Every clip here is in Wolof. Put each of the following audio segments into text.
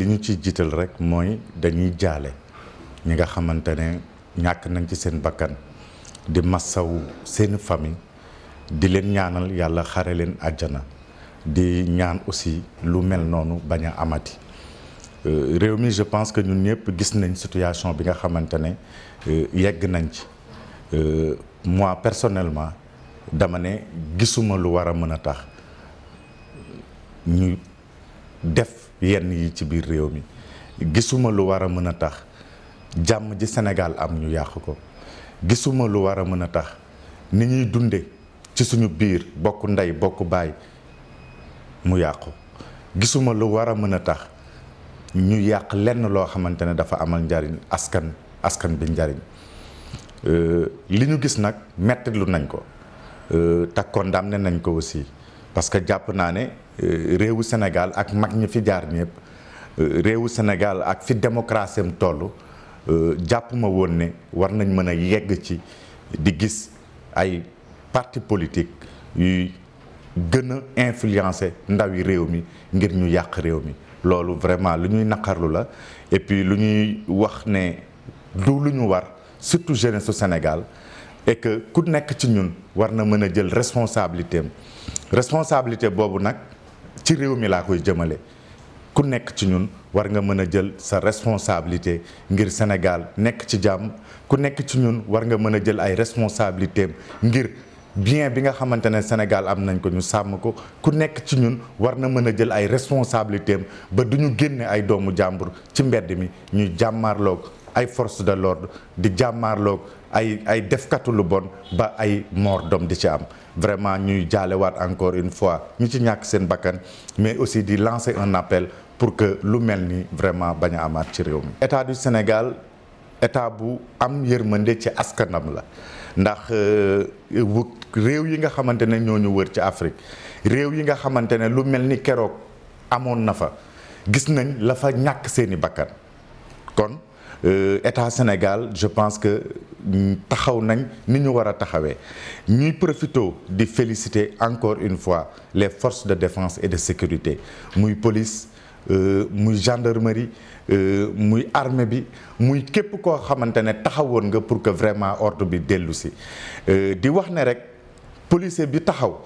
li ñu ci jiital rek mooy dañuy jaale ñi nga xamante ne ñàkk nañ ci seen bakkan di massawu seen famille di leen ñaanal yàlla xare leen àjjana di ñaan aussi lu mel noonu bañ a amati euh, réew mi je pense que ñun ñëpp gis nañ situation bi nga xamante ne euh, yegg nañ ci euh, moi personnellement dama ne gisuma lu war a mën a tax ñu def yenn yi ci biir réew mi gisuma lu war a mën a tax jàmm ji senegal am ñu yàq ko gisuma lu war a mën a tax ni ñuy dunde ci suñu biir bokk ndey bokk baay mu yàqu gisuma lu war a mën a tax ñu yàq lenn loo xamante ne dafa amal njariñ askan askan bi njariñ euh, li ñu gis nag metti lu nañ ko euh, te ne nañ ko aussi parce que jàpp naa ne euh, réewu Sénégal ak mag ñi fi jaar ñëpp euh, réewu Sénégal ak fi démocratie am toll euh, jàpp woon ne war nañ mën a yegg ci di gis ay parti politique yuy gën a ndaw yi réew mi ngir ñu yàq réew mi loolu vraiment lu ñuy naqarlu la et puis lu ñuy wax ne du lu ñu war surtout jeunesse su Sénégal et que ku nekk ci ñun war na mën a jël responsabilité responsabilité boobu nag ci réew mi laa koy jëmale ku nekk ci ñun war nga mën a jël sa responsabilité ngir Sénégal nekk ci jàmm ku nekk ci ñun war nga mën a jël ay responsabilité ngir bien bi nga xamante ne Sénégal am nañ ko ñu sàmm ko ku nekk ci ñun war na mën a jël ay responsabilité ba du ñu génne ay doomu jàmbur ci mbedd mi ñu jàmmarloog ay force de l'ordre di jàmmaarloog ay ay defkatu lu bon ba ay mort d'homme di ci am vraiment ñuy jaalewaat encore une fois ñu ci ñàkk seen bakkan mais aussi di lancer un appel pour que lu mel ni vraiment bañ a amaat ci réew mi. état du Sénégal état bu am yërmande ci askanam la ndax euh, réew yi nga xamante ne ñoo ñu wër ci Afrique réew yi nga xamante ne lu mel ni keroog amoon na fa gis nañ la ñàkk seeni bakkan kon. Euh, état Sénégal je pense que mm, taxaw nañ ni ñu war a taxawee ñuy profito di féliciter encore une fois les forces de défence et de sécurité muy police euh, muy gendarmerie euh, muy armée bi muy képp koo xamante ne taxawoon nga pour que vraiment ordre bi dellusi si di wax ne rek policier bi taxaw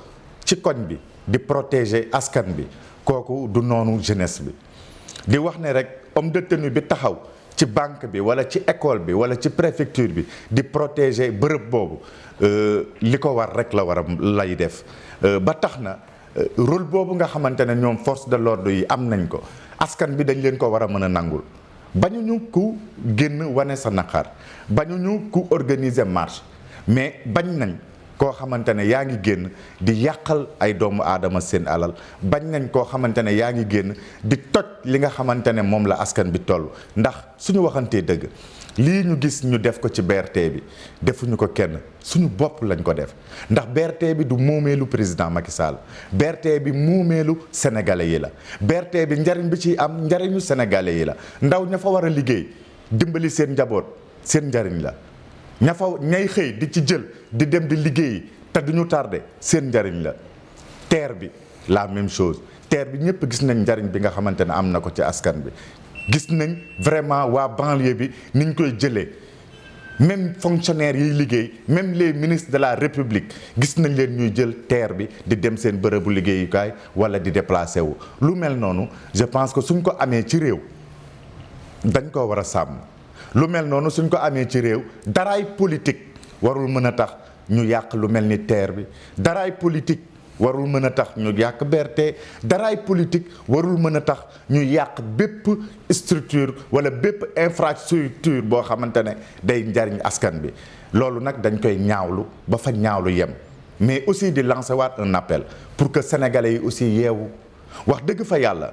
ci koñ bi di protéger askan bi kooku du noonu jeunesse bi di wax ne rek homme de tenue bi taxaw ci banque bi wala ci école bi wala ci préfecture bi di protéger bërëb boobu euh, li ko war rek la war a lay def euh, ba tax na euh, rôle boobu nga xamante ne ñoom force de l'ordre yi am nañ ko askan bi dañ leen ko war a mën a nangul bañuñu ku génn wane sa naqar bañuñu ku organiser marche mais bañ nañ koo xamante ne yaa ngi génn di yàqal ay doomu aadama seen alal bañ nañ koo xamante ne yaa ngi génn di toj li nga xamante ne moom la askan bi toll ndax suñu waxantee dëgg lii ñu gis ñu def ko ci BRT bi defuñu ko kenn suñu bopp lañ ko def ndax berte bi du moomeelu président Macky Sall BRT bi moomeelu sénégalais yi la berte bi njariñ bi ci am njariñu sénégalais yi la ndaw ña fa war a liggéey dimbali seen njaboot seen njariñ la ña fa ñay xëy di ci jël di dem di liggéeyi te du ñu tardé seen njariñ la terre bi la même chose terre bi ñëpp gis nañ njariñ bi nga xamante ne am na ko ci askan bi gis nañ vraiment waa banlieue bi ni ñu koy jëlee même fonctionnaires yiy liggéey même les ministres de la république gis nañ leen ñuy jël terre bi di dem seen bërëbu liggéeyukaay wala di déplacé wu lu mel noonu je pense que suñ ko amee ci réew dañ ko war a sàmm lu mel noonu suñ ko amee ci réew daraay politique warul mën a tax ñu yàq lu mel ni terre bi daraay politique warul mën a tax ñu yàq berte daraay politique warul mën a tax ñu yàq bépp structure wala bépp infrastructure boo xamante ne day njariñ askan bi loolu nag dañ koy ñaawlu ba fa ñaawlu yem mais aussi di lancer waat un pour que sénégalais yi aussi yeewu wax dëgg fa yàlla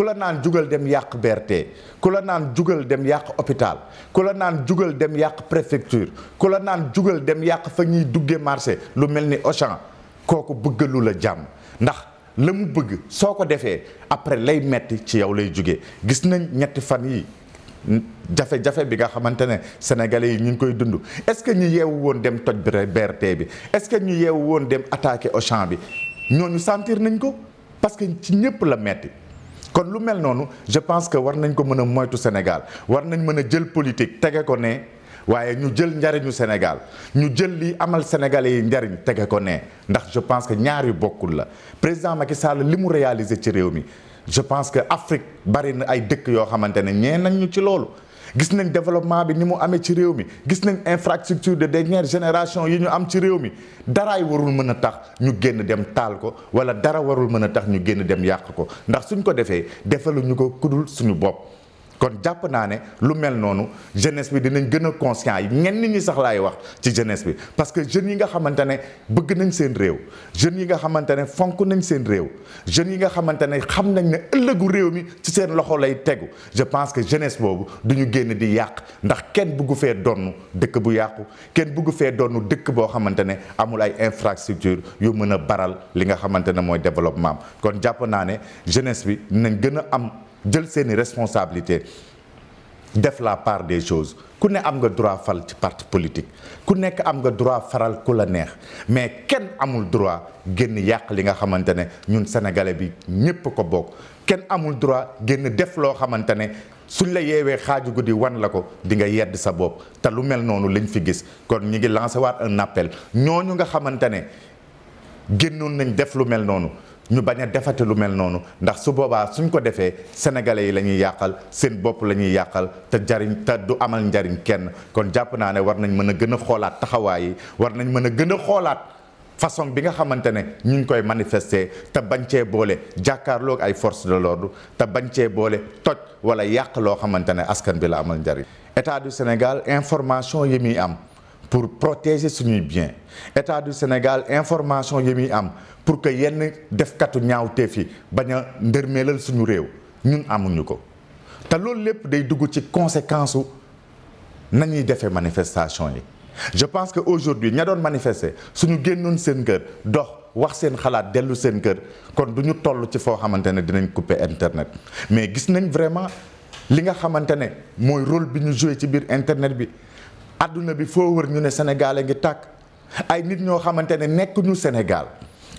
ku la naan jugal dem yàq BRT ku la naan jugal dem yàq hôpital ku la naan jugal dem yàq préfecture ku la naan jugal dem yàq fa ñuy duggee marché lu mel ni Auchan kooku bëggalu la jàmm ndax la mu bëgg soo ko defee après lay metti ci yow lay jugee gis nañ ñetti fan yi jafe-jafe bi nga xamante ne sénégalais yi ñu ngi koy dund est-ce que ñu yeewu woon dem toj BRT bi est-ce que ñu yeewu woon dem attaquer Auchan bi ñooñu sentir nañ ko parce que ci ñëpp la metti kon lu mel noonu je pense que war nañ ko mën a moytu Sénégal war nañ mën a jël politique tege ko ne waaye ñu jël njariñu Sénégal ñu jël li amal sénégalais yi njariñ tege ko ne ndax je pense que ñaar yu bokkul la président Macky Sall li mu réaliser ci réew mi je pense que Afrique bari na ay dëkk yoo xamante ne ñee nañ ñu ci loolu gis nañ développement bi ni mu amee ci réew mi gis nañ infrastructure de dernière génération yi ñu am ci réew mi daraay warul mën a tax ñu génn dem taal ko wala dara warul mën a tax ñu génn dem yàq ko ndax suñ ko defee defalu ñu ko kudul suñu bopp kon jàpp naa ne lu mel noonu jeunesse bi dinañ gën a conscient yi ngeen ñi sax laay wax ci jeunesse bi parce que jeunes yi nga xamante ne bëgg nañ seen réew jeunes yi nga xamante ne fonk nañ seen réew jeunes yi nga xamante ne xam nañ ne ëllëgu réew mi ci seen loxo lay tegu je pense que jeunesse boobu du ñu génn di yàq ndax kenn buggu fee donn dëkk bu yàqu kenn bëggu fee donn dëkk boo xamante ne amul ay infrastructure yu mën a baral li nga xamante ne mooy développement kon jàpp naa ne jeunesse bi dinañ gën a am jël seeni responsabilité def la part des chose ku ne am nga droit fal ci parti politique ku nekk am nga droit faral ku la neex mais kenn amul droit génn yàq li nga xamante ne ñun sénégalais bi ñépp ko bokk kenn amul droit génn def loo xamante ne suñ la yeewee xaaju guddi wan la ko di nga yedd sa bopp te lu mel noonu lañ fi gis kon ñu ngi lancé waat un appel ñooñu nga xamante ne génnoon nañ def lu mel noonu ñu bañ a defate lu mel noonu ndax su boobaa suñ ko defee sénégalais yi la ñuy yàqal seen bopp la ñuy yàqal te jariñ te du amal njariñ kenn kon jàpp naa ne war nañ mën a gën a xoolaat taxawaay yi war nañ mën a gën a xoolaat façon bi nga xamante ne ñu ngi koy manifester te bañ cee boole jàkkaarloog ay force de l'ordre te bañ cee boole toj wala yàq loo xamante ne askan bi la amal njariñ état du Sénégal information yi muy am pour protéger suñuy bien état du Sénégal information yi muy am pour que yenn defkatu ñaawteef yi bañ a ndërmeelal suñu réew ñun amuñu ko te loolu lépp day dugg ci conséquence su nañuy defee manifestation yi je pense que aujourd'hui ña doon manifester suñu génnoon seen kër dox wax seen xalaat dellu seen kër kon duñu ñu toll ci foo xamante ne dinañ couper internet mais gis nañ vraiment li nga xamante ne mooy rôle bi ñu joué ci biir internet bi àdduna bi foo wër ñu ne Sénégal ngi tàkk ay nit ñoo xamante ne nekkuñu Sénégal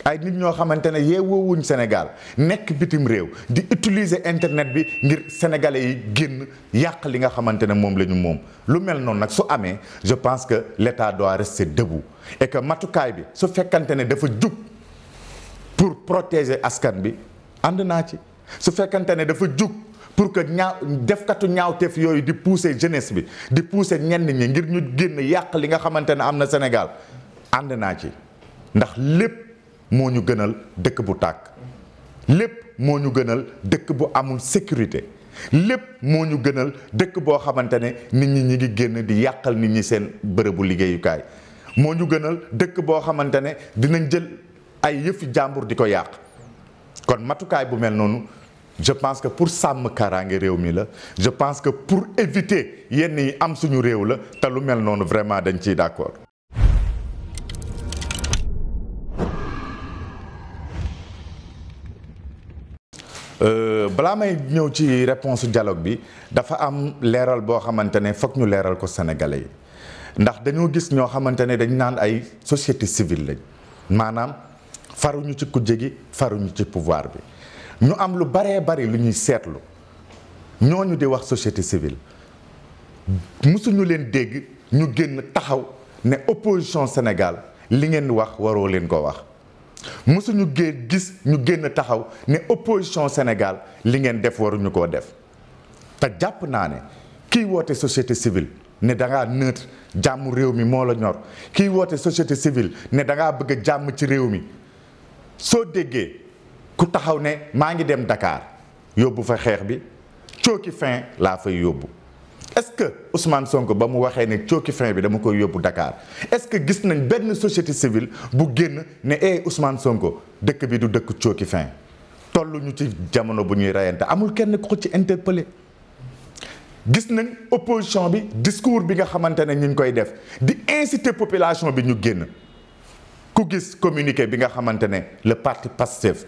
ay nit ñoo xamante ne yeewoowuñ Sénégal nekk bitim réew di utiliser internet bi ngir sénégalais yi génn yàq li nga xamante ne moom la ñu moom lu mel noonu nag su amee je pense que l'État doit rester debout et que matukaay bi su fekkante ne dafa jub pour protéger askan bi ànd naa ci su fekkante ne dafa jub pour que ñaaw defkatu ñaaw ñaawteef yooyu di pousser jeunesse bi di pousser ñenn ñi ngir ñu génn yàq li nga xamante ne am na senegal ànd naa ci ndax lépp moo ñu gënal dëkk bu tàkk lépp moo ñu gënal dëkk bu amul sécurité lépp moo ñu gënal dëkk boo xamante ne nit ñi ñi ngi génn di yàqal nit ñi seen bërëbu liggéeyukaay moo ñu gënal dëkk boo xamante ne dinañ jël ay yëfi jàmbur di ko yàq kon matukaay bu mel noonu je pense que pour sàmm kaaraange réew mi la je pense que pour éviter yenn yi am suñu réew la te lu mel noonu vraiment dañ ciy d'accord euh, balaa may ñëw ci réponse dialogue bi dafa am leeral boo xamante ne fokk ñu leeral ko sénégalais yi ndax dañoo gis ñoo xamante ne dañ naan ay société civile lañ maanaam faruñu ci kujje gi faruñu ci pouvoir bi ñu am lu baree bari lu ñuy seetlu ñooñu di wax société civile mësuñu leen dégg ñu génn taxaw ne opposition Sénégal li ngeen wax waroo leen ko wax mësuñu génn gis ñu génn taxaw ne opposition Sénégal li ngeen def waruñu koo def te jàpp naa ne kii woote société civile ne da ngaa neutre jàmm réew mi moo la ñor kii woote société civile ne da ngaa bëgg a jàmm ci réew mi soo déggee ku taxaw ne maa ngi dem dakaar yóbbu fa xeex bi cooki fin laa fay yóbbu est-ce que Ousmane Sonko ba mu waxee ne cooki fin bi dama koy yóbbu dakaar est-ce que gis nañ benn société civile bu génn ne eh Ousmane Sonko dëkk bi du dëkk cooki fin tolluñu ci jamono bu ñuy reyante amul kenn ku ci interpellé gis nañ opposition bi discours bi nga xamante ne ñu ngi koy def di inciter population bi ñu génn ku gis communiqué bi nga xamante ne le parti Pastef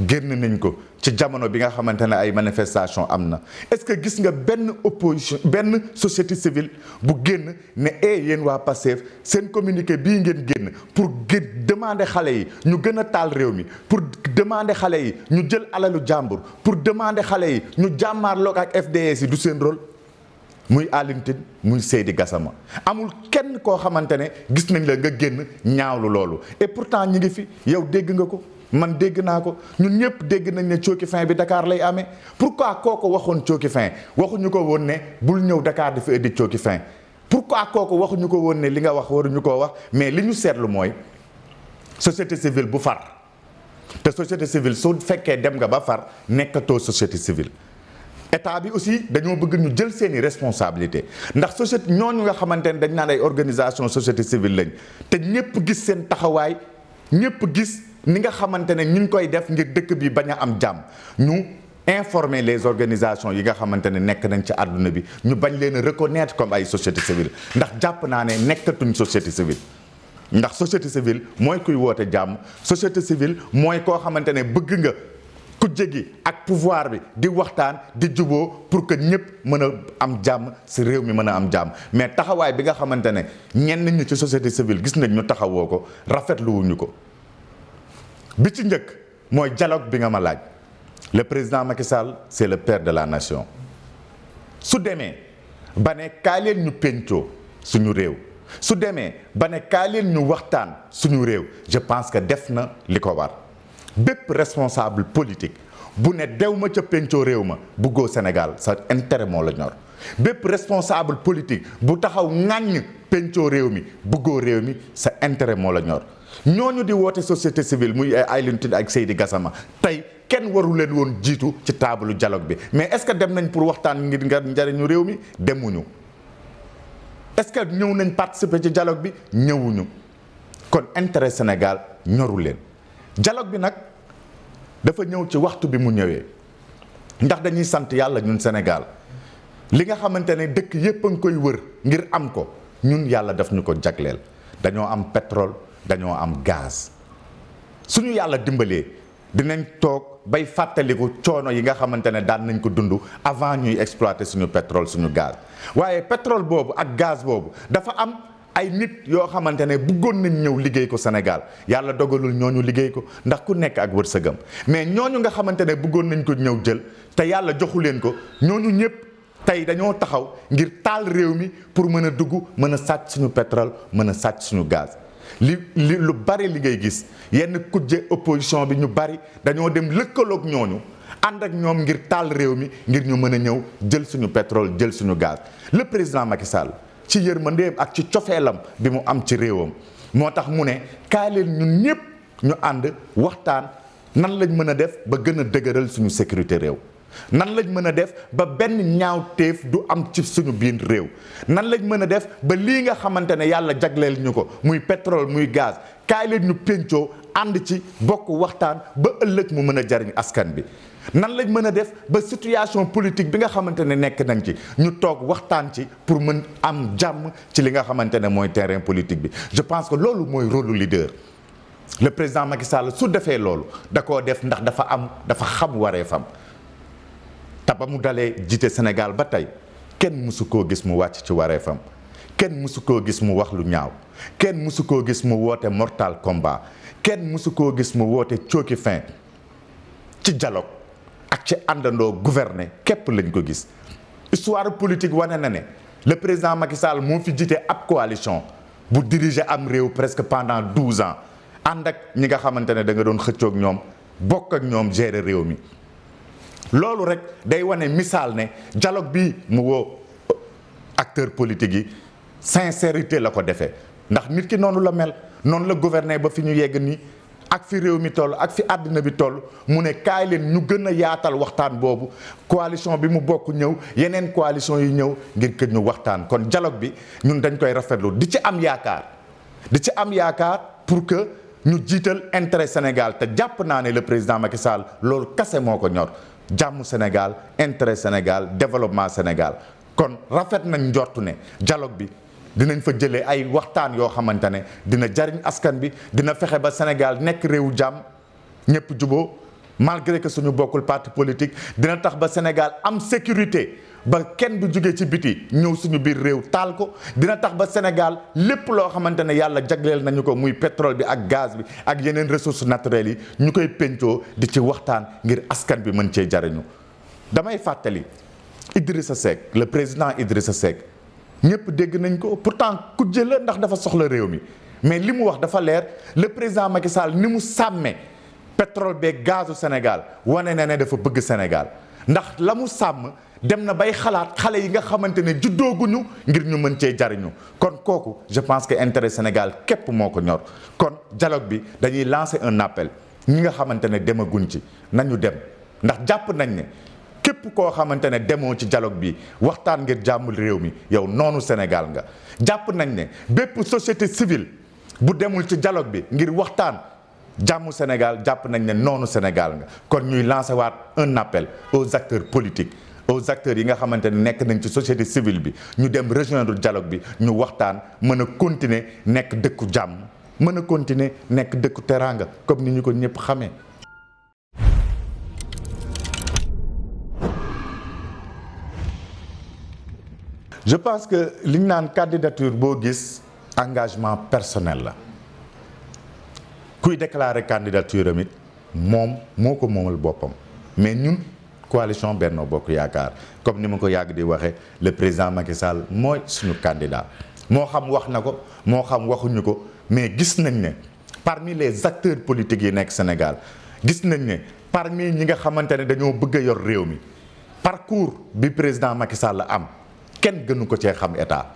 génn nañ ko ci jamono bi nga xamante ne ay manifestation am na est-ce que gis nga benn opposition benn société civile bu génn ne e yéen waa Pastef seen communiqué bii ngeen génn pour gën demander xale yi ñu gën a taal réew mi pour demander xale yi ñu jël alalu jàmbur pour demander xale yi ñu jàmmaarloog ak FDS yi du seen rôle muy Alioune Tine muy Seydi Gassama amul kenn koo xamante ne gis nañ la nga génn ñaawlu loolu et pourtant ñi ngi fi yow dégg nga ko man dégg naa ko ñun ñëpp dégg nañ ne cooki fin bi dakaar lay amee pourquoi kooku waxoon cooki fin waxuñu ko woon ne bul ñëw Dakar dafa indi cooki fin pour pourquoi kooku waxuñu ko woon ne li nga wax waruñu koo wax mais li ñu seetlu mooy société civile bu far te société civile su fekkee dem nga ba far nekkatoo société civile état bi aussi dañoo bëgg ñu jël seeni responsabilité ndax société ñooñu nga xamante ne dañ naan ay organisation société civile lañ te ñëpp gis seen taxawaay ñëpp gis ni nga xamante ne ñu ngi koy def ngir dëkk bi bañ a am jàmm ñu informer les organisations yi nga xamante ne nekk nañ ci àdduna bi ñu bañ leen a reconnaître comme ay société civile ndax jàpp naa ne nekkatuñ société civile ndax société civile mooy kuy woote jàmm société civile mooy koo xamante ne bëgg nga kujje gi ak pouvoir bi di waxtaan di juboo pour que ñëpp mën a am jàmm si réew mi mën a am jàmm mais taxawaay bi nga xamante ne ñenn ñu ci société civile gis nañ ñu taxawoo ko rafetluwuñu ko bi ci njëkk mooy dialogue bi nga ma laaj le président Macky Sall c'est le père de la nation su demee ba ne kaa ñu pencoo suñu réew su demee ba ne kaa ñu waxtaan suñu réew je pense que def na li ko war bépp responsable politique bu ne dew ma ca pencoo réew ma bëggoo Sénégal sa intérêt moo la ñor bépp responsable politique bu taxaw ŋàññ pencoo réew mi bëggoo réew mi sa intérêt moo la ñor ñoo ñu di woote société civile muy Aylin Tine ak Seydi Gassama tey kenn waru leen woon jiitu ci taabalu jalog bi mais est-ce que dem nañ pour waxtaan ngir nga njariñu réew mi demuñu est-ce que ñëw nañ participer ci dialogue bi ñëwuñu kon intére Sénégal ñoru leen dialogue bi nag dafa ñëw ci waxtu bi mu ñëwee ndax dañuy sant yàlla ñun Sénégal li nga xamante ne dëkk yépp a ngi koy wër ngir am ko ñun yàlla daf ñu ko jagleel dañoo am pétrole dañoo am gaz suñu yàlla dimbalee dinañ toog bay fàttaliku coono yi nga xamante ne daan nañ ko dund avant ñuy exploiter suñu pétrole suñu gaz waaye pétrole boobu ak gaz boobu dafa am ay nit yoo xamante ne bëggoon nañ ñëw liggéey ko Sénégal yàlla dogalul ñu liggéey ko ndax ku nekk ak wërsëgam mais ñooñu nga xamante ne bëggoon nañ ko ñëw jël te yàlla joxu leen ko ñooñu ñëpp tey dañoo taxaw ngir taal réew mi pour mën a dugg mën a sàcc suñu pétrole mën a sàcc suñu gaz li li lu bari li ngay gis yenn kujje opposition bi ñu bari dañoo dem lëkkalook ñooñu ànd ak ñoom ngir taal réew mi ngir ñu mën a ñëw jël suñu pétrole jël suñu gaz le président Macky Sall ci yërmandeem ak ci cofeelam bi mu am ci réewam moo tax mu ne kaay ñun ñëpp ñu ànd waxtaan nan lañ mën a def ba gën a dëgëral suñu sécurité réew nan lañ mën a def ba benn ñaaw ñaawteef du am ci suñu biir réew nan lañ mën a def ba lii nga xamante ne yàlla jagleel ñu ko muy pétrole muy gaz kaay leen ñu péncoo ànd ci bokk waxtaan ba ëllëg mu mën a jariñ askan bi nan lañ mën a def ba situation politique bi nga xamante ne nekk nañ ci ñu toog waxtaan ci pour mën am jàmm ci li nga xamante ne mooy terrain politique bi je pense que loolu mooy rôle lu leader le président Macky Sall su defee loolu da koo def ndax dafa am dafa xam waree fam te ba mu dalee jiite Sénégal ba tey kenn mësu koo gis mu wàcc ci wareefam kenn mësu koo gis mu wax lu ñaaw kenn mësu koo gis mu woote mortal combat kenn mësu koo gis mu woote cooki fin ci jaloog ak ci àndandoo gouverner képp lañ ko gis histoire politique wane na ne le président Macky Sall moo fi jiite ab coalition bu diriger am réew presque pendant douze ans ànd ak ñi nga xamante ne da nga doon xëccoog ñoom bokk ak ñoom gérer réew mi loolu rek day wane misaal ne dialogue bi mu woo acteur politique yi sincérité la ko defee ndax nit ki noonu la mel noonu la gouverner ba fi ñu yegg nii ak fi réew mi toll ak fi àddina bi toll mu ne kaay leen ñu gën a yaatal waxtaan boobu coalition bi mu bokk ñëw yeneen coalition yi ñëw ngir kër ñu waxtaan kon dialogue bi ñun dañ koy rafetlu di ci am yaakaar di ci am yaakaar pour que ñu jiital intérêt Sénégal te jàpp naa ne le président Macky Sall loolu kase moo ko ñor jàmm Sénégal intérêt Sénégal développement Sénégal kon rafet nañ njortu ne dialogue bi dinañ fa jëlee ay waxtaan yoo xamante ne dina jariñ askan bi dina fexe ba Sénégal nekk réewu jàmm ñëpp juboo malgré que suñu bokkul partie politique dina tax ba Sénégal am sécurité ba kenn du jóge ci biti ñëw suñu biir réew taal ko dina tax ba Sénégal lépp loo xamante ne yàlla jagleel nañu ko muy pétrole bi ak gaz bi ak yeneen ressources naturelles yi ñu koy pencoo di ci waxtaan ngir askan bi mën cee jariñu damay fàttali Idrissa Seck le président Idrissa Seck ñëpp dégg nañ ko pourtant kujje la ndax dafa soxla réew mi mais li mu wax dafa leer le président Macky Sall ni mu sàmmee pétrole beeg gazu Sénégal wane na ne dafa bëgg Sénégal ndax la sàmm dem na bay xalaat xale yi nga xamante ne juddooguñu ngir ñu mën cee jariñu kon kooku je pense que intérêt Sénégal képp moo ko ñor kon jaloog bi dañuy lancer un appel ñi nga xamante ne demaguñ ci nañu dem ndax jàpp nañ ne képp koo xamante ne demoo ci jaloog bi waxtaan ngir jàmmul réew mi yow noonu Sénégal nga jàpp nañ ne bépp société civile bu demul ci jaloog bi ngir waxtaan jàmm Sénégal jàpp nañ ne noonu Sénégal nga kon ñuy lancer waat un appel aux acteurs politiques aux acteurs yi nga xamante ne nekk nañ ci société civile bi ñu dem rejoindre dialogue bi ñu waxtaan mën a continuer nekk dëkku jàmm mën a continuer nekk dëkku teraanga comme ni ñu ko ñëpp xame je pense que li ñu naan candidature boo gis engagement personnel la kuy déclarer candidature amit moom moo ko moomal boppam mais ñun. coalition Benno Bokk Yaakaar comme ni ma ko yàgg di waxee le président Macky Sall mooy suñu candidat moo xam wax na ko moo xam waxuñu ko mais gis nañ ne parmi les acteurs politiques yi nekk Sénégal gis nañ ne parmi ñi nga xamante ne dañoo bëgg a yor réew mi parcours bi président Macky Sall la am kenn gënu ko cee xam état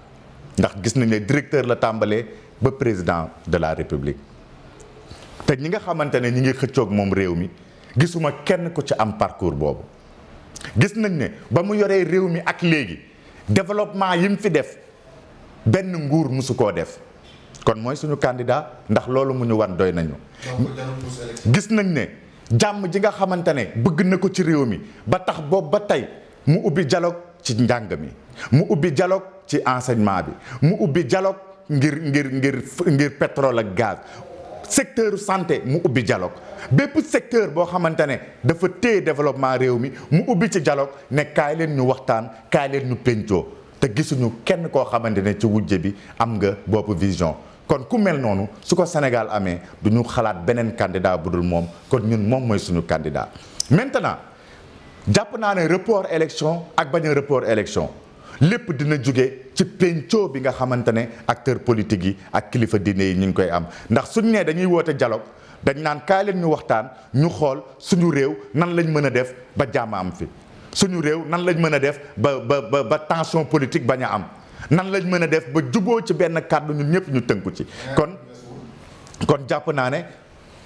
ndax gis nañ ne directeur la tàmbalee ba président de la république te ñi nga xamante ne ñi ngi xëccoog moom réew mi gisuma kenn ko ci am parcours boobu gis nañ ne ba mu yoree réew mi ak léegi développement yi mu fi def benn nguur musu koo def kon mooy suñu candidat ndax loolu mu ñu wan doy nañu gis nañ ne jàmm ji nga xamante ne bëgg na ko ci réew mi ba tax boobu ba tey mu ubbi dialogue ci njàng mi mu ubbi jaloog ci enseignement bi mu ubbi dialogue ngir ngir ngir ngir ak gaz secteur santé mu ubbi dialogue bépp secteur boo xamante ne dafa téye développement réew mi mu ubbi ci dialogue ne kaay leen ñu waxtaan kaay leen ñu pencoo te gisuñu kenn koo xamante ne ci wujje bi am nga boppu vision kon ku mel noonu su ko Sénégal amee du ñu xalaat beneen candidat bu dul moom kon ñun moom mooy suñu candidat maintenant jàpp naa ne report élection ak bañ a report élection lépp dina jóge ci pencoo bi nga xamante ne acteur politique yi ak kilifa diine yi ñu ngi koy am ndax suñ nee dañuy woote dialogue dañ naan kaay leen ñu waxtaan ñu xool suñu réew nan lañ mën a def ba jàmm am fi suñu réew nan lañ mën a def ba ba ba tension politique bañ a am nan lañ mën a def ba juboo ci benn kàddu ñun ñëpp ñu tënku ci kon kon jàpp naa ne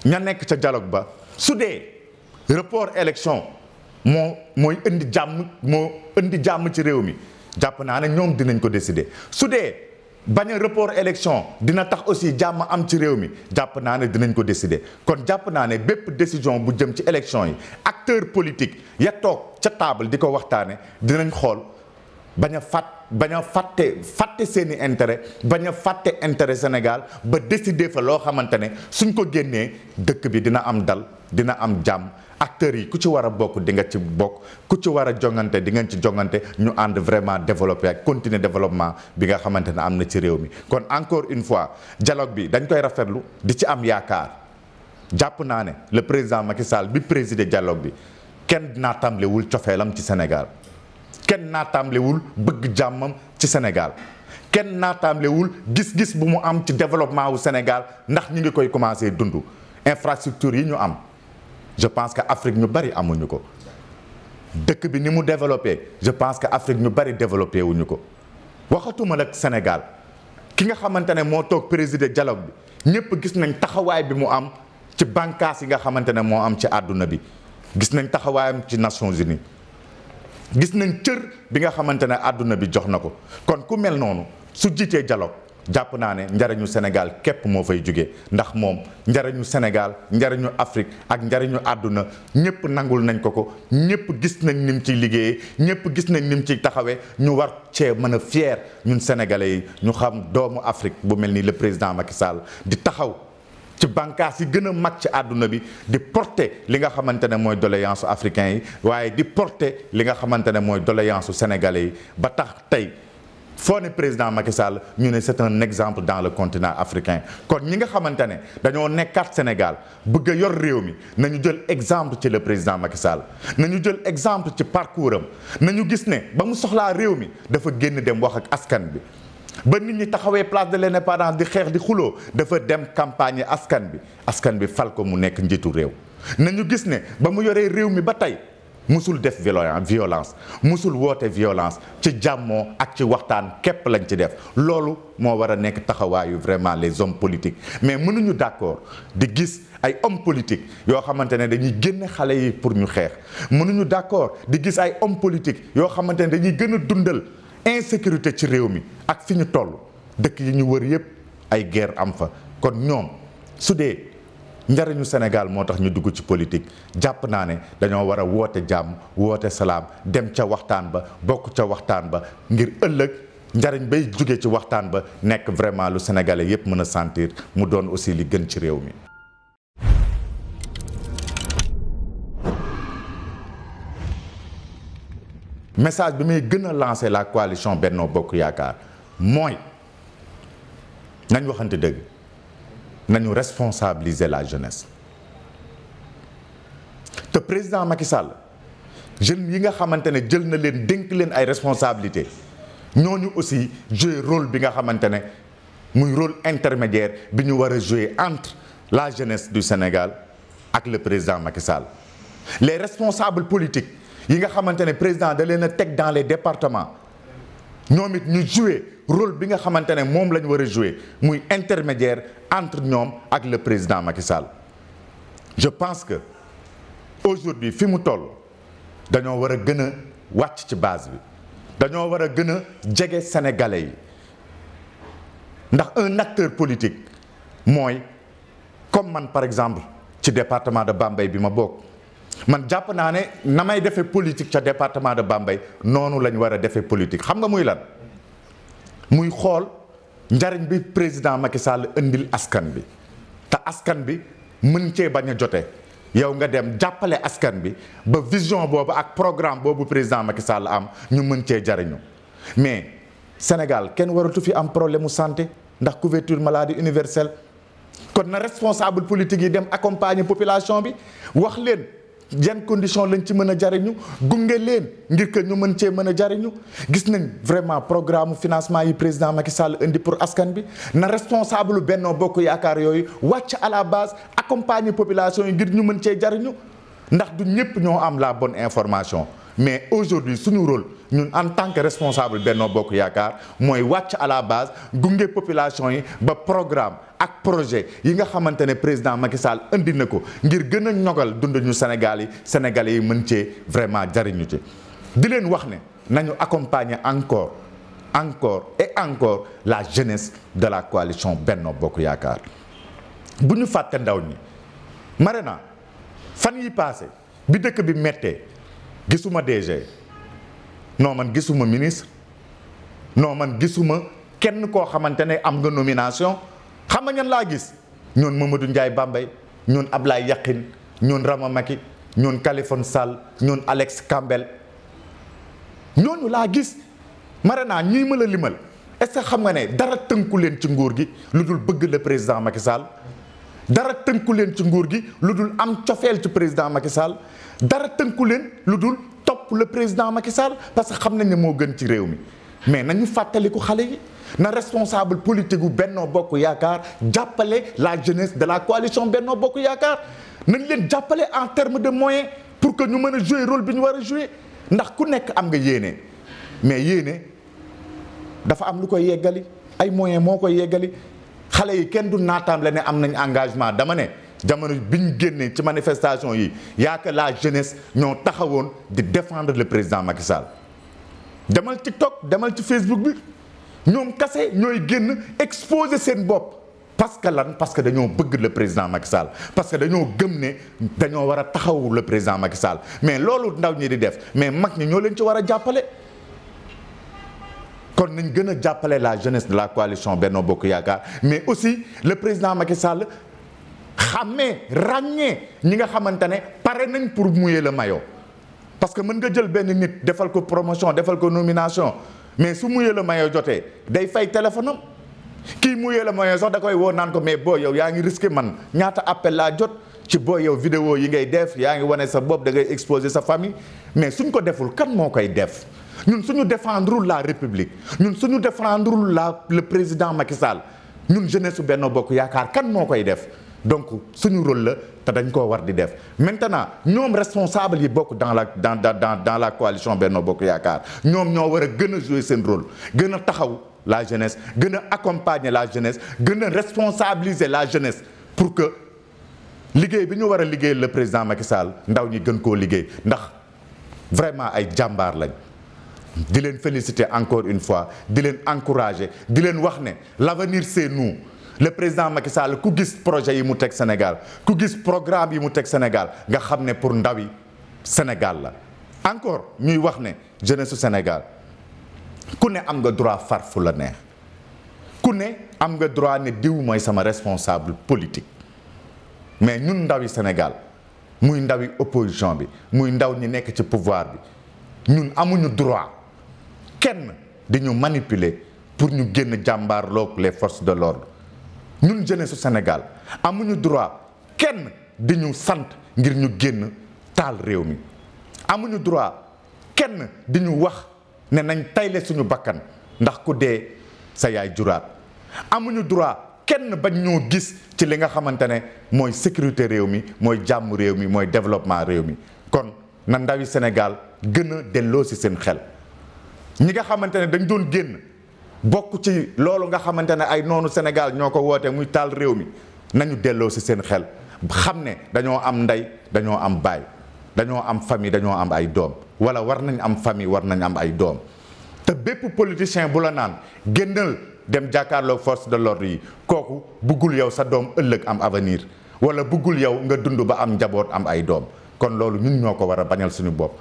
ña nekk ca jaloog ba su dee report élection moo mooy indi jàmm moo indi jàmm ci réew mi jàpp naa ne ñoom dinañ ko décider su dee bañ a report élection dina tax aussi jàmm am ci réew mi jàpp naa ne dinañ ko décider kon jàpp naa ne bépp décision bu jëm ci élection yi acteur politique ya toog ca table di ko waxtaane dinañ xool baña fàtt bañ a fàtte fàtte seeni intérêt bañ a fàtte intérêt Sénégal ba décider fa loo xamante ne suñ ko génnee dëkk bi dina am dal dina am jàmm acteurs yi ku ci war a bokk di nga ci bokk ku ci war a jongante di ngeen ci jongante ñu ànd vraiment développé ak continuer développement bi nga xamante ne am na ci réew mi kon encore une fois dialogue bi dañ koy rafetlu di ci am yaakaar jàpp naa ne le président Macky Sall bi présider dialogue bi kenn naatamlewul cofeelam ci Sénégal kenn naatamlewul bëgg jàmmam ci Sénégal kenn naatamlewul gis-gis bu mu am ci développement wu Sénégal ndax ñu ngi koy commencé dund infrastructure yi ñu am je pense que Afrique ñu bari amuñu ko dëkk bi ni mu développé je pense que Afrique ñu bari développé wuñu ko waxatuma nag Sénégal ki nga xamante ne moo toog présider dialogue bi ñëpp gis nañ taxawaay bi mu am ci bànqaas yi nga xamante ne moo am ci àdduna bi gis nañ taxawaayam ci Nations Unies gis nañ cër bi nga xamante ne àdduna bi jox na ko kon ku mel noonu su jiitee dialogue jàpp naa ne njariñu Sénégal képp moo fay jóge ndax moom njariñu Sénégal njariñu Afrique ak njariñu àdduna ñëpp nangul nañ ko ko ñëpp gis nañ nim ciy liggéeyee ñëpp gis nañ nim ciy taxawee ñu war cee mën a fier ñun sénégalais yi ñu xam doomu Afrique bu mel ni le président Macky Sall di taxaw ci bànqaas yi gën a mag ci àdduna bi di porter li nga xamante ne mooy doléance africain yi waaye di porter li nga xamante ne mooy doléance sénégalais yi ba tax tey foo ne président Macky Sall ñu ne c'est un exemple dans le continent africain kon ñi nga xamante ne dañoo nekkaat Sénégal bëgg yor réew mi nañu jël exemple ci le président Macky Sall nañu jël exemple ci parcours am nañu gis ne ba mu soxlaa réew mi dafa génn dem wax ak askan bi ba nit ñi taxawee place de pendant di xeex di xuloo dafa dem campagne askan bi askan bi fal ko mu nekk njiitu réew nañu gis ne ba mu yoree réew mi ba tey musul def violence musul woote violence ci jàmmoo ak ci waxtaan képp lañ ci def loolu moo war a nekk taxawaayu vraiment les hommes politiques mais mënuñu d'accord di gis ay hommes politiques yoo xamante ne dañuy génne xale yi pour ñu xeex mënuñu d'accord di gis ay hommes yoo xamante ne dañuy gën a dundal insécurité ci réew mi ak fi ñu toll dëkk yi ñu wër yépp ay guerre am fa kon ñoom su dee njariñu Sénégal moo tax ñu dugg ci politique jàpp naa ne dañoo war a woote jàmm woote salaam dem ca waxtaan ba bokk ca waxtaan ba ngir ëllëg njariñ bay jóge ci waxtaan ba nekk vraiment lu sénégalais yépp mën a sentir mu doon aussi li gën ci réew mi message bi may gën a lancé la coalition Benno Bokk Yaakaar mooy nañ waxante dëgg nañu responsabiliser la jeunesse te président Macky Sall jeunes yi nga xamante ne jël na leen dénk leen ay responsabilité ñooñu aussi jouer rôle bi nga xamante ne muy rôle intermédiaire bi ñu war a jouer entre la jeunesse du Sénégal ak le président Macky Sall les responsables politiques yi nga xamante ne président da leen a teg dans les départements ñoom ñu jouer rôle bi nga xamante ne moom la ñu war a jouer muy intermédiaire entre ñoom ak le président Macky Sall je pense que aujourd'hui fi mu toll dañoo war a gën a wàcc ci base bi dañoo war a gën a jege sénégalais yi ndax un acteur politique mooy comme man par exemple ci département de Bambey bi ma bokk man jàpp naa ne na may defee politique ca département de Bambey noonu la ñu war a defee politique xam nga muy lan. muy xool njariñ bi président Macky Sall indil askan bi te askan bi mën cee bañ a jote yow nga dem jàppale askan bi ba vision boobu ak programme boobu président Macky Sall am ñu mën cee jariñu mais Sénégal kenn waratu fi am problème mu santé ndax couverture maladie universelle kon na responsable politique yi dem accompagner population bi wax leen yan condition lañ ci mën a jariñu gunge leen ngir que ñu mën cee mën a jariñu gis nañ vraiment programme financement yi président Macky Sall indi pour askan bi na responsable Benno Bokk Yaakaar yooyu wàcc à la base accompagner population yi ngir ñu mën cee jariñu ndax du ñëpp ñoo am la bonne information mais aujourd'hui suñu rôle ñun en tant que responsable Benno Bokk Yaakaar mooy wàcc à la base gunge population yi ba programme ak projet yi nga xamante ne président Macky Sall indi na ko ngir gën a ñogal dund ñu Sénégal yi Sénégalais yi mën cee vraiment jariñu ci di leen wax ne nañu accompagner encore encore et encore la jeunesse de la coalition Benno Bokk Yaakaar bu ñu fàtte ndaw ñi Marena fan yi passé bi dëkk bi méttee gisuma DG non man gisuma ministre non man gisuma kenn koo xamante ne am nga nomination xam nga ñan laa gis ñoon Mamadou Ndiaye Bambay ñoon Ablaye Yakhine ñoon Rama Maki ñoon Kaliphone Sall ñoon Alex kambel ñooñu laa gis Marena ñii ma la limal est-ce que xam nga ne dara tënku leen ci nguur gi lu dul bëgg la président Macky Sall dara tënku leen ci nguur gi lu dul am cofeel ci président Macky Sall dara tënku leen lu dul pour le président Macky Sall parce que xam nañ ne moo gën ci réew mi mais nañu fàttaliku xale yi na responsable politique gu Benno Bokk Yaakaar jàppale la jeunesse de la coalition Benno Bokk Yaakaar nañ leen jàppale en terme de moyens pour que ñu mën a jouer rôle bi ñu war a jouer ndax ku nekk am nga yéene mais yéene dafa am lu koy yeggali ay moyens moo koy yeggali xale yi kenn du naataam la ne am nañ engagement dama ne. jamono bi ñu génnee ci manifestation yi yaa la jeunesse ñoo taxawoon di défendre le président Macky Sall demal TikTok demal ci Facebook bi ñoom kase ñooy génn exposer seen bopp parce que lan parce que dañoo bëgg le président Macky Sall parce que dañoo gëm ne dañoo wara a taxawu le président Macky mais loolu ndaw ñi di def mais mag ñi ñoo leen ci war a jàppale kon nañ gën a jàppale la jeunesse de la coalition Benno Bokk Yaakaar mais aussi le président Macky Sall xàmmee ràññee ñi nga xamante ne pare nañ pour mouiller la maillot parce que mën nga jël benn nit defal ko promotion defal ko nomination mais su mouiller la mayoo jotee day fay téléphone kii mouiller la maillot sax da koy woo naan ko mais boo yow yaa ngi risqué man ñaata appel laa jot ci boo yow vidéo yi ngay def yaa ngi wane sa bopp da ngay exposer sa famille mais suñ ko deful kan moo koy def ñun suñu défendrul la république ñun suñu défendrul la le président Macky ñun jeunesse su Benno Bokk Yaakaar kan moo koy def donc suñu rôle la te dañ koo war di def maintenant ñoom responsable yi bokk dans la dans dans dans la coalition Benno Bokk Yaakaar ñoom ñoo war a gën a jouer seen rôle gën a taxaw la jeunesse gën a accompagner la jeunesse gën a responsabiliser la jeunesse pour que liggéey bi ñu war a liggéey le président Macky Sall ndaw ñi gën koo liggéey ndax vraiment ay jàmbaar lañ. di leen féliciter encore une fois di leen encourager di leen wax ne l'avenir c'est nu le président Macky Sall ku gis projet yi mu teg Sénégal ku gis programme yi mu teg Sénégal nga xam ne pour ndawi Sénégal la encore ñuy wax ne jeunesse su Sénégal ku ne am nga droit far fu la neex ku ne am nga droit ne diw mooy sama responsable politique mais ñun ndawi Sénégal muy ndawi opposition bi muy ndaw ñi nekk ci pouvoir bi ñun amuñu droit kenn di ñu manipuler pour ñu génn jàmbaarloog le force de l'ordre ñun jeunesse su Sénégal amuñu droit kenn di ñu sant ngir ñu génn taal réew mi amuñu droit kenn di ñu wax ne nañ tayle suñu bakkan ndax ku dee sa yaay juraat amuñu droit kenn bañ ñoo gis ci li nga xamante ne mooy sécurité réew mi mooy jàmm réew mi mooy développement réew mi kon na ndawi Sénégal gën a delloo si seen xel ñi nga xamante ne dañ doon génn bokk ci loolu nga xamante ne ay noonu Sénégal ñoo ko wootee muy taal réew mi nañu delloo si seen xel xam ne dañoo am ndey dañoo am baay dañoo am famille dañoo am ay doom wala war nañ am famille war nañ am ay doom te bépp politicien bu la naan génnal dem jàkkaarloog force de l'ordre yi kooku buggul yow sa doom ëllëg am avenir wala buggul yow nga dund ba am njaboot am ay doom kon loolu ñun ñoo ko war a bañal suñu bopp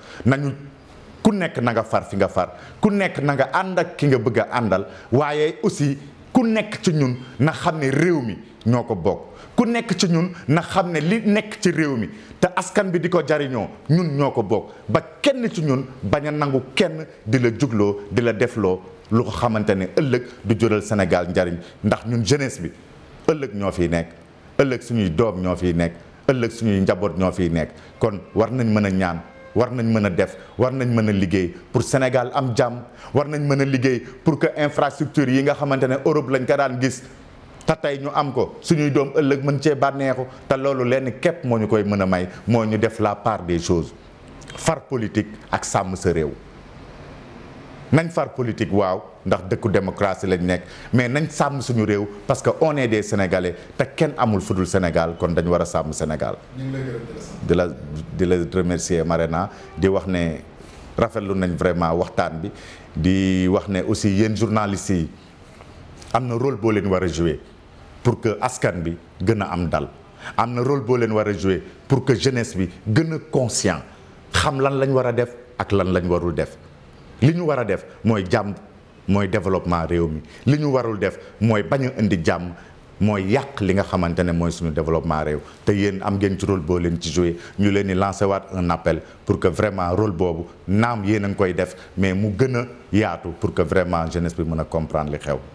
ku nekk na nga far fi nga far ku nekk na nga ànd ak ki nga bëgg a àndal waaye aussi ku nekk ci ñun na xam ne réew mi ñoo ko bokk ku nekk ci ñun na xam ne li nekk ci réew mi te askan bi di ko jariñoo ñun ñoo ko bokk ba kenn ci ñun bañ a nangu kenn di la jugloo di la defloo lu ko xamante ne ëllëg du jural Sénégal njariñ ndax ñun jeunesse bi ëllëg ñoo fi nekk ëllëg suñuy doom ñoo fi nekk ëllëg suñuy njaboot ñoo fi nekk kon war nañ mën a ñaan war nañ mën a def war nañ mën a liggéey pour Sénégal am jàmm war nañ mën a liggéey pour que infrastructure yi nga xamante ne Europe lañ ko daan gis te tey ñu am ko suñuy doom ëllëg mën cee bànneexu te loolu lenn képp moo ñu koy mën a may moo ñu def la part des choses far politique ak sàmm sa réew nañ far politique waaw ndax dëkku démocratie lañ nekk mais nañ sàmm suñu réew parce que on est des sénégalais te kenn amul fudul Sénégal kon dañ war a sàmm Sénégal. di la di la remercier Marena di wax ne rafetlu nañ vraiment waxtaan bi di wax ne aussi yéen journalistes yi am na rôle boo leen war a jouer pour que askan bi gën a am dal am na rôle boo leen war a jouer pour que jeunesse bi gën a xam lan lañ war a def ak lan lañ warul def. li ñu war a def mooy jàmm mooy développement réew mi li ñu warul def mooy bañu indi jàmm mooy yàq li nga xamante ne mooy suñu développement réew te yéen am ngeen ci rôle boo leen ci joué ñu leen di lancé waat un appel pour que vraiment rôle boobu naam yéen a ngi koy def mais mu gën a yaatu pour que vraiment jeunesse bi mën a comprendre li xew.